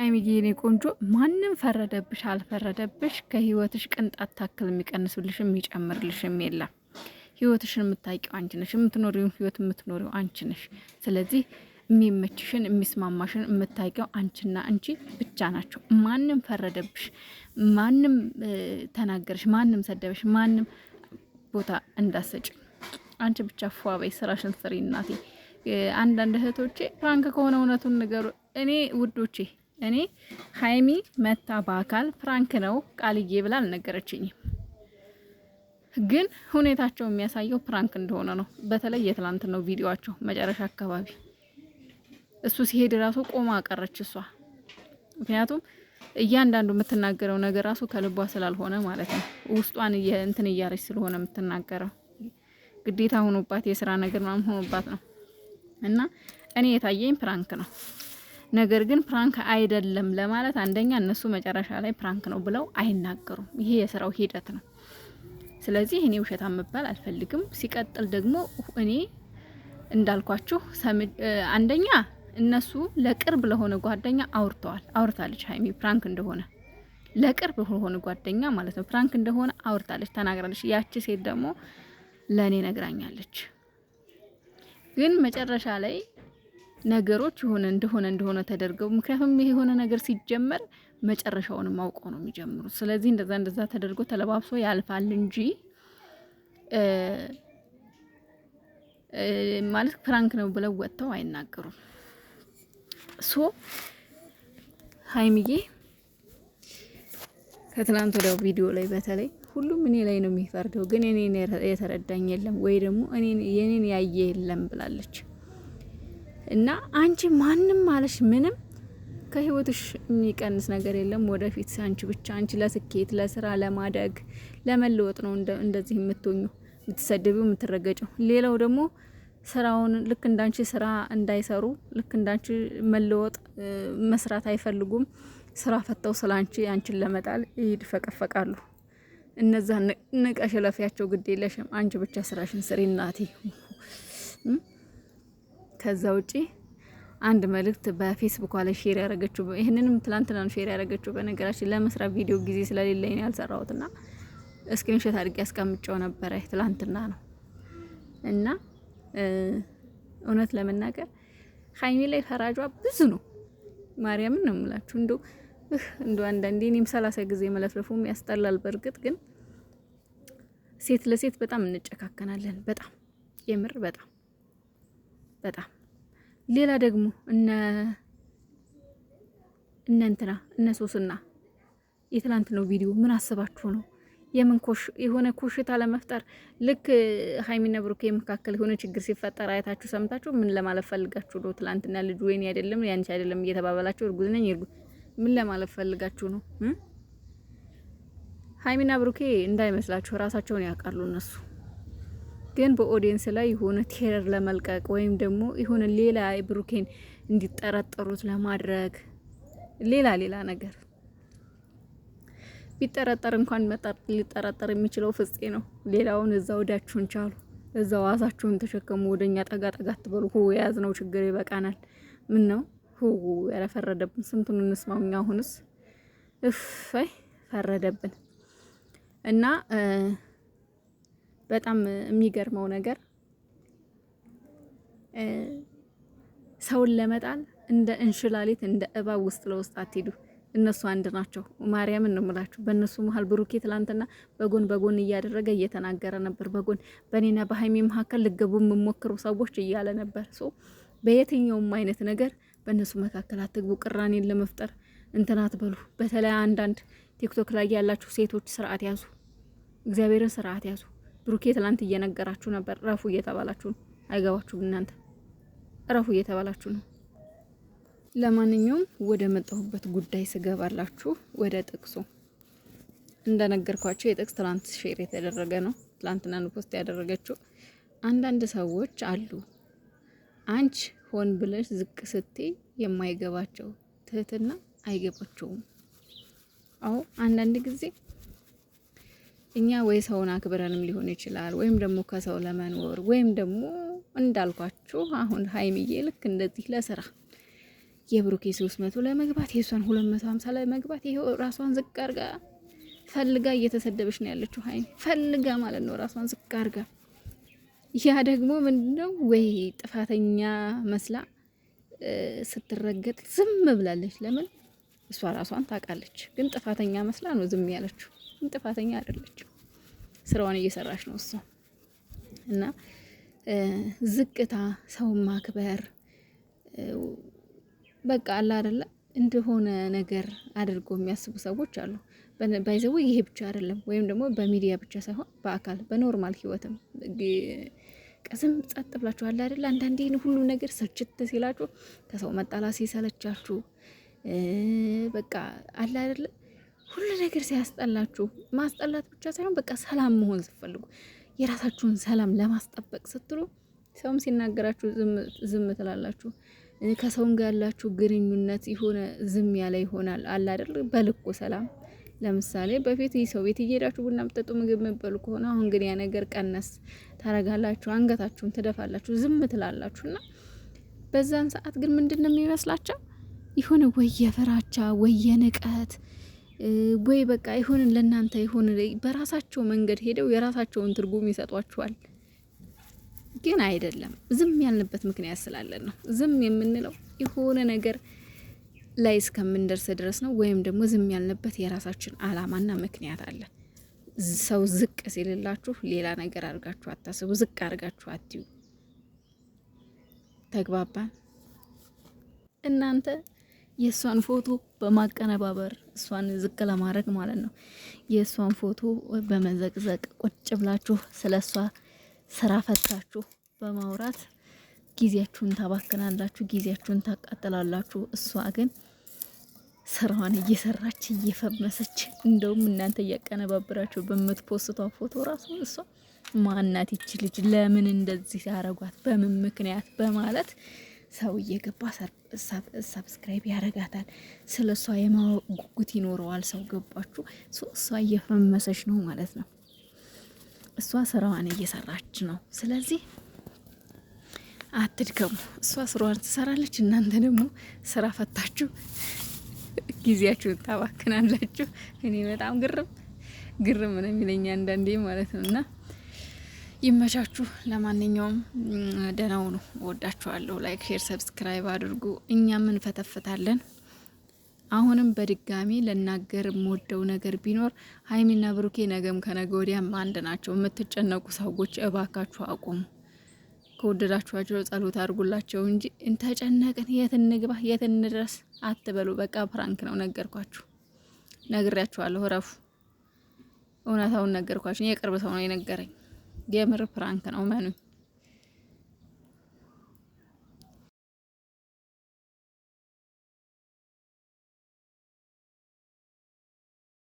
ሀይሚዬ የኔ ቆንጆ ማንም ፈረደብሽ አልፈረደብሽ ከህይወትሽ ቅንጣት ታክል የሚቀንስልሽ የሚጨምርልሽም የለም። ህይወትሽን የምታውቂው አንቺ ነሽ። የምትኖሪውን ህይወት የምትኖሪው አንቺ ነሽ። ስለዚህ የሚመችሽን የሚስማማሽን የምታውቂው አንቺና አንቺ ብቻ ናቸው። ማንም ፈረደብሽ፣ ማንም ተናገረሽ፣ ማንም ሰደበሽ፣ ማንም ቦታ እንዳሰጭ አንቺ ብቻ ፏ በይ፣ ስራሽን ስሪ እናቴ። አንዳንድ እህቶቼ ፕራንክ ከሆነ እውነቱን ንገሩ። እኔ ውዶቼ እኔ ሀይሚ መታ በአካል ፕራንክ ነው ቃልዬ ብላ አልነገረችኝም፣ ግን ሁኔታቸው የሚያሳየው ፕራንክ እንደሆነ ነው። በተለይ የትላንት ነው ቪዲዮቸው መጨረሻ አካባቢ እሱ ሲሄድ ራሱ ቆማ ቀረች እሷ። ምክንያቱም እያንዳንዱ የምትናገረው ነገር ራሱ ከልቧ ስላልሆነ ማለት ነው። ውስጧን እንትን እያለች ስለሆነ የምትናገረው ግዴታ ሆኖባት የስራ ነገር ምናምን ሆኖባት ነው እና እኔ የታየኝ ፕራንክ ነው። ነገር ግን ፕራንክ አይደለም ለማለት አንደኛ እነሱ መጨረሻ ላይ ፕራንክ ነው ብለው አይናገሩም። ይሄ የስራው ሂደት ነው። ስለዚህ እኔ ውሸታ መባል አልፈልግም። ሲቀጥል ደግሞ እኔ እንዳልኳችሁ አንደኛ እነሱ ለቅርብ ለሆነ ጓደኛ አውርተዋል አውርታለች ሀይሚ ፕራንክ እንደሆነ ለቅርብ ለሆነ ጓደኛ ማለት ነው ፕራንክ እንደሆነ አውርታለች ተናግራለች። ያቺ ሴት ደግሞ ለእኔ ነግራኛለች። ግን መጨረሻ ላይ ነገሮች የሆነ እንደሆነ እንደሆነ ተደርገው ምክንያቱም ይሄ የሆነ ነገር ሲጀመር መጨረሻውንም አውቀው ነው የሚጀምሩት። ስለዚህ እንደዛ እንደዛ ተደርጎ ተለባብሶ ያልፋል እንጂ ማለት ፕራንክ ነው ብለው ወጥተው አይናገሩም። ሶ ሀይሚዬ ከትናንት ወዲያው ቪዲዮ ላይ በተለይ ሁሉም እኔ ላይ ነው የሚፈርደው፣ ግን እኔን የተረዳኝ የለም ወይ ደግሞ የኔን ያየ የለም ብላለች። እና አንቺ ማንም ማለሽ ምንም ከህይወትሽ የሚቀንስ ነገር የለም። ወደፊት አንቺ ብቻ አንቺ ለስኬት ለስራ ለማደግ ለመለወጥ ነው እንደዚህ የምትኙ የምትሰደቢው የምትረገጨው። ሌላው ደግሞ ስራውን ልክ እንዳንቺ ስራ እንዳይሰሩ ልክ እንዳንቺ መለወጥ መስራት አይፈልጉም። ስራ ፈተው ስለ አንቺ አንቺን ለመጣል ይድፈቀፈቃሉ። እነዛ ንቀሽ ለፊያቸው ግድ የለሽም። አንቺ ብቻ ስራሽን ስሪ እናቴ። ከዛ ውጪ አንድ መልእክት በፌስቡክ ላይ ሼር ያደረገችው ይህንንም ትላንትና ሼር ያደረገችው በነገራችን ለመስራት ቪዲዮ ጊዜ ስለሌለኝ ነው ያልሰራሁትና ስክሪንሾት አድርጌ ያስቀምጨው ነበረ ትላንትና ነው። እና እውነት ለመናገር ሀይሚ ላይ ፈራጇ ብዙ ነው። ማርያምን ነው የምላችሁ። እንዶ እንዶ አንዳንዴ እኔም ሰላሳ ጊዜ መለፍለፉም ያስጠላል። በእርግጥ ግን ሴት ለሴት በጣም እንጨካከናለን። በጣም የምር በጣም በጣም ሌላ ደግሞ እነ እነ እንትና እነ ሶስና የትላንት ነው ቪዲዮ ምን አስባችሁ ነው የምን ኮሽ የሆነ ኮሽታ ለመፍጠር ልክ ሀይሚና ብሩኬ መካከል የሆነ ችግር ሲፈጠር አይታችሁ ሰምታችሁ ምን ለማለት ፈልጋችሁ ነው? ትላንትና ልጁ ወይኔ አይደለም ያንቺ አይደለም እየተባባላችሁ እርጉዝ ነኝ እርጉዝ ምን ለማለት ፈልጋችሁ ነው? ሀይሚና ብሩኬ እንዳይመስላችሁ ራሳቸውን ያውቃሉ እነሱ ግን በኦዲየንስ ላይ የሆነ ቴረር ለመልቀቅ ወይም ደግሞ የሆነ ሌላ ብሩኬን እንዲጠረጠሩት ለማድረግ ሌላ ሌላ ነገር ቢጠረጠር እንኳን ሊጠረጠር የሚችለው ፍፄ ነው። ሌላውን እዛ ወዳችሁን ቻሉ፣ እዛ አሳችሁን ተሸከሙ። ወደኛ ጠጋ ጠጋ ትበሉ። ሁ የያዝ ነው ችግር ይበቃናል። ምን ነው ሁ ያለፈረደብን ስንቱን እንስማው። እኛ አሁንስ እፍ ፈረደብን እና በጣም የሚገርመው ነገር ሰውን ለመጣል እንደ እንሽላሊት እንደ እባብ ውስጥ ለውስጥ አትሄዱ። እነሱ አንድ ናቸው። ማርያምን ነው የምላችሁ። በእነሱ መሀል ብሩኬ ትላንትና በጎን በጎን እያደረገ እየተናገረ ነበር። በጎን በእኔና በሀይሜ መካከል ልገቡ የምሞክሩ ሰዎች እያለ ነበር። ሶ በየትኛውም አይነት ነገር በእነሱ መካከል አትግቡ። ቅራኔን ለመፍጠር እንትን አትበሉ። በተለይ አንዳንድ ቲክቶክ ላይ ያላችሁ ሴቶች ስርዓት ያዙ። እግዚአብሔርን ስርዓት ያዙ። ብሩኬ ትላንት እየነገራችሁ ነበር። ረፉ እየተባላችሁ ነው። አይገባችሁም እናንተ ረፉ እየተባላችሁ ነው። ለማንኛውም ወደ መጣሁበት ጉዳይ ስገባላችሁ ወደ ጥቅሱ እንደነገርኳቸው የጥቅስ ትላንት ሼር የተደረገ ነው። ትላንትና ንፖስት ያደረገችው አንዳንድ ሰዎች አሉ አንቺ ሆን ብለሽ ዝቅ ስቴ የማይገባቸው ትህትና አይገባቸውም። አዎ አንዳንድ ጊዜ እኛ ወይ ሰውን አክብረንም ሊሆን ይችላል ወይም ደግሞ ከሰው ለመኖር ወይም ደግሞ እንዳልኳችሁ አሁን ሀይሚዬ ልክ እንደዚህ ለስራ የብሩኬ ሶስት መቶ ለመግባት የእሷን ሁለት መቶ ሀምሳ ለመግባት ይኸው ራሷን ዝቅ አርጋ ፈልጋ እየተሰደበች ነው ያለችው። ሀይሚ ፈልጋ ማለት ነው ራሷን ዝቅ አርጋ። ያ ደግሞ ምንድነው ወይ ጥፋተኛ መስላ ስትረገጥ ዝም ብላለች። ለምን እሷ ራሷን ታውቃለች፣ ግን ጥፋተኛ መስላ ነው ዝም ያለችው። ጥፋተኛ አይደለችም። ስራውን እየሰራች ነው እሷ እና ዝቅታ፣ ሰውን ማክበር በቃ አለ አይደለ እንደሆነ ነገር አድርጎ የሚያስቡ ሰዎች አሉ። ባይዘው ይሄ ብቻ አይደለም፣ ወይም ደግሞ በሚዲያ ብቻ ሳይሆን በአካል በኖርማል ህይወትም ቀስም ጸጥ ብላችሁ አለ አይደለ አንዳንዴ ሁሉም ነገር ስልችት ሲላችሁ ከሰው መጣላ ሲሰለቻችሁ በቃ አለ አይደለ ሁሉ ነገር ሲያስጠላችሁ ማስጠላት ብቻ ሳይሆን በቃ ሰላም መሆን ስትፈልጉ የራሳችሁን ሰላም ለማስጠበቅ ስትሉ ሰውም ሲናገራችሁ ዝም ትላላችሁ። ከሰውም ጋር ያላችሁ ግንኙነት የሆነ ዝም ያለ ይሆናል። አለ አይደል? በልኩ ሰላም። ለምሳሌ በፊት ይህ ሰው ቤት እየሄዳችሁ ቡና ምጠጡ ምግብ የምበሉ ከሆነ አሁን ግን ያ ነገር ቀነስ ታረጋላችሁ፣ አንገታችሁን ትደፋላችሁ፣ ዝም ትላላችሁ እና በዛን ሰዓት ግን ምንድን ነው የሚመስላቸው የሆነ ወየ ፍራቻ ወየ ንቀት ወይ በቃ ይሁን ለእናንተ ይሁን በራሳቸው መንገድ ሄደው የራሳቸውን ትርጉም ይሰጧቸዋል። ግን አይደለም ዝም ያልንበት ምክንያት ስላለን ነው። ዝም የምንለው የሆነ ነገር ላይ እስከምንደርስ ድረስ ነው። ወይም ደግሞ ዝም ያልንበት የራሳችን አላማና ምክንያት አለ። ሰው ዝቅ ሲልላችሁ ሌላ ነገር አድርጋችሁ አታስቡ፣ ዝቅ አድርጋችሁ አትዩ። ተግባባን እናንተ የእሷን ፎቶ በማቀነባበር እሷን ዝቅ ለማድረግ ማለት ነው። የእሷን ፎቶ በመዘቅዘቅ ቁጭ ብላችሁ ስለ እሷ ስራ ፈታችሁ በማውራት ጊዜያችሁን ታባክናላችሁ፣ ጊዜያችሁን ታቃጥላላችሁ። እሷ ግን ስራዋን እየሰራች እየፈመሰች፣ እንደውም እናንተ እያቀነባበራችሁ በምትፖስቷ ፎቶ ራሱ እሷ ማናት ይች ልጅ ለምን እንደዚህ ያረጓት በምን ምክንያት በማለት ሰው እየገባ ሰብስክራይብ ያደርጋታል። ስለ እሷ የማወቅ ጉጉት ይኖረዋል ሰው። ገባችሁ? እሷ እየፈመሰች ነው ማለት ነው። እሷ ስራዋን እየሰራች ነው። ስለዚህ አትድከሙ። እሷ ስራዋን ትሰራለች። እናንተ ደግሞ ስራ ፈታችሁ ጊዜያችሁን ታባክናላችሁ። እኔ በጣም ግርም ግርም ነው የሚለኝ አንዳንዴ ማለት ነው እና ይመቻችሁ። ለማንኛውም ደህናው ነው። ወዳችኋለሁ። ላይክ፣ ሼር፣ ሰብስክራይብ አድርጉ። እኛም እንፈተፍታለን። አሁንም በድጋሚ ልናገር የምወደው ነገር ቢኖር ሀይሚና ብሩኬ ነገም ከነገ ወዲያም አንድ ናቸው። የምትጨነቁ ሰዎች እባካችሁ አቁሙ። ከወደዳችኋቸው ጸሎት አድርጉላቸው እንጂ እንተጨነቅን፣ የት እንግባ፣ የት እንድረስ አትበሉ። በቃ ፕራንክ ነው። ነገርኳችሁ፣ ነግሬያችኋለሁ። እረፉ። እውነታውን ነገርኳችሁ። የቅርብ ሰው ነው የነገረኝ። የምር ፕራንክ ነው መኑኝ